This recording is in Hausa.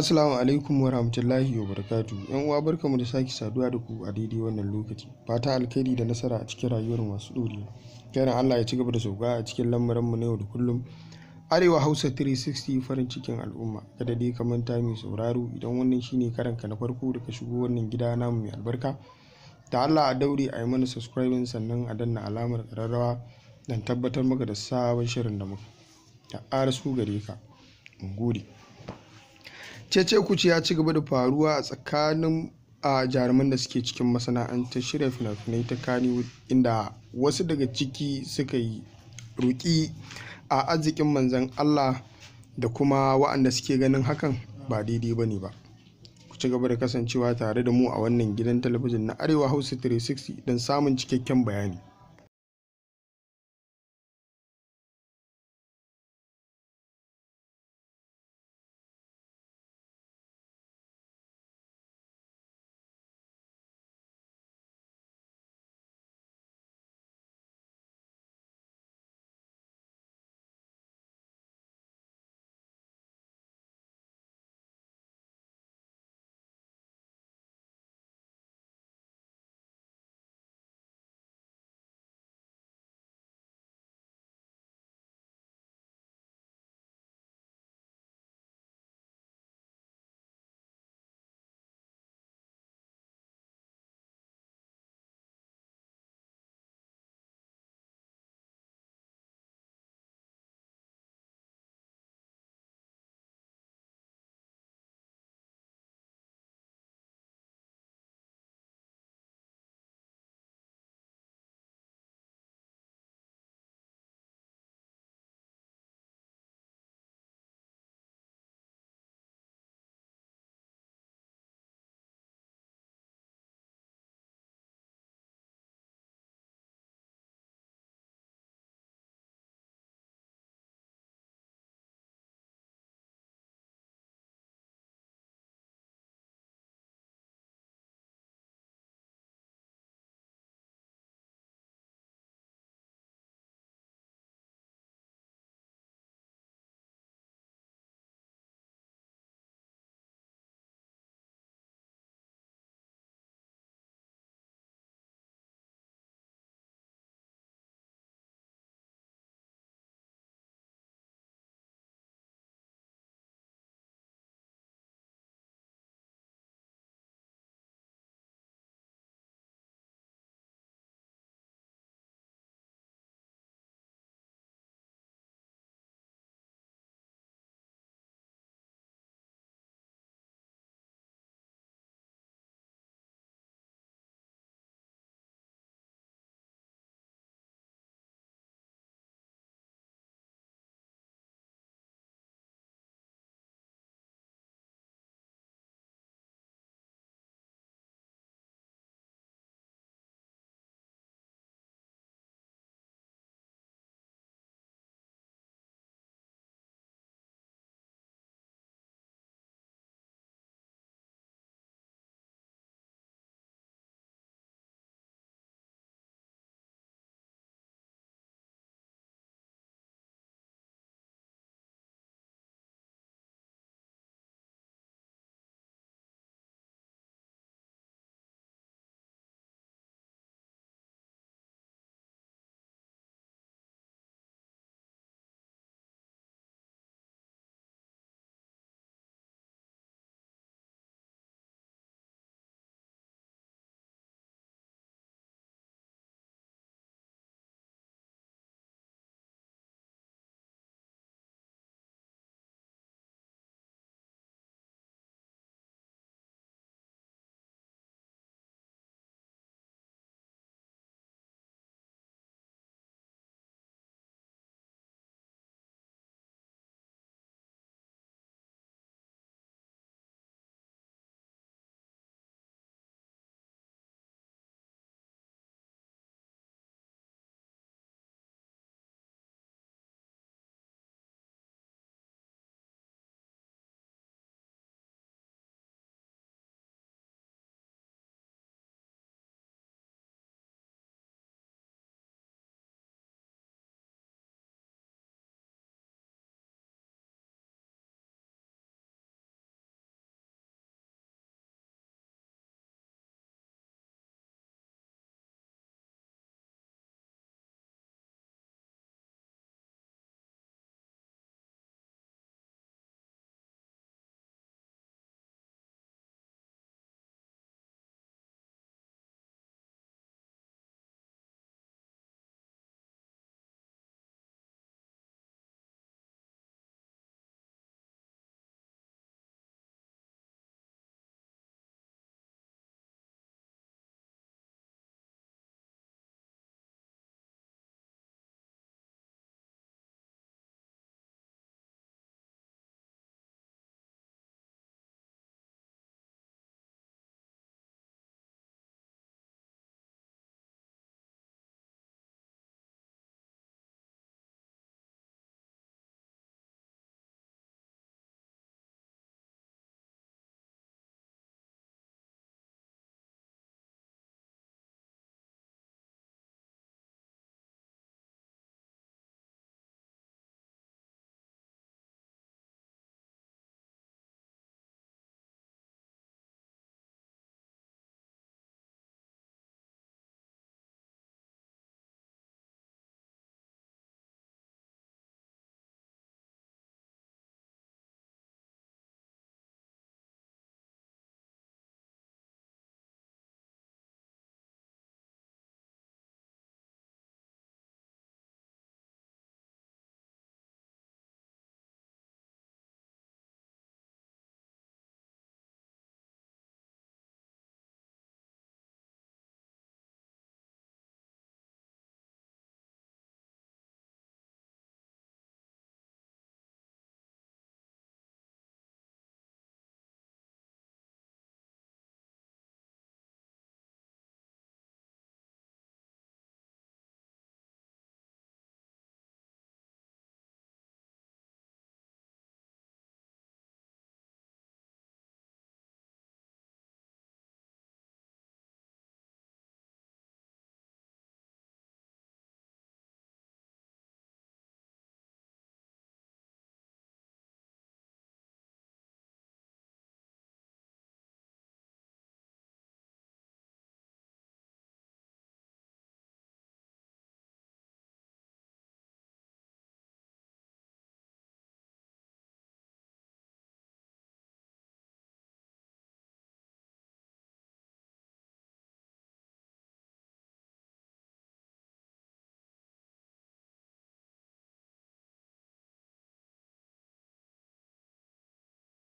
Assalamu alaikum wa rahmatullahi wa barakatu. ‘Yan uwa mu da sake saduwa da ku a daidai wannan lokaci. Fata alkhairi da nasara a cikin rayuwar masu kai na Allah ya ci gaba da sauka a cikin mu na yau da kullum. Arewa Hausa 360 farin cikin al'umma. Kada dai ka manta mai sauraro idan wannan shine karan ka na farko da ka shigo wannan gida namu mai albarka. Da Allah a daure a yi mana subscribing sannan a danna alamar ƙararrawa dan tabbatar maka da sabon shirin da muka. Da ƙara su gare ka. Mun gode. cece kuce ya ci gaba da faruwa a tsakanin a jaruman da suke cikin masana'antar shirya fina-finai ta kani inda wasu daga ciki suka yi roƙi a arzikin manzan allah da kuma wa'anda suke ganin hakan ba daidai ba ne ba ku ci gaba da kasancewa tare da mu a wannan gidan talabijin na arewa hausa 360 don samun cikakken bayani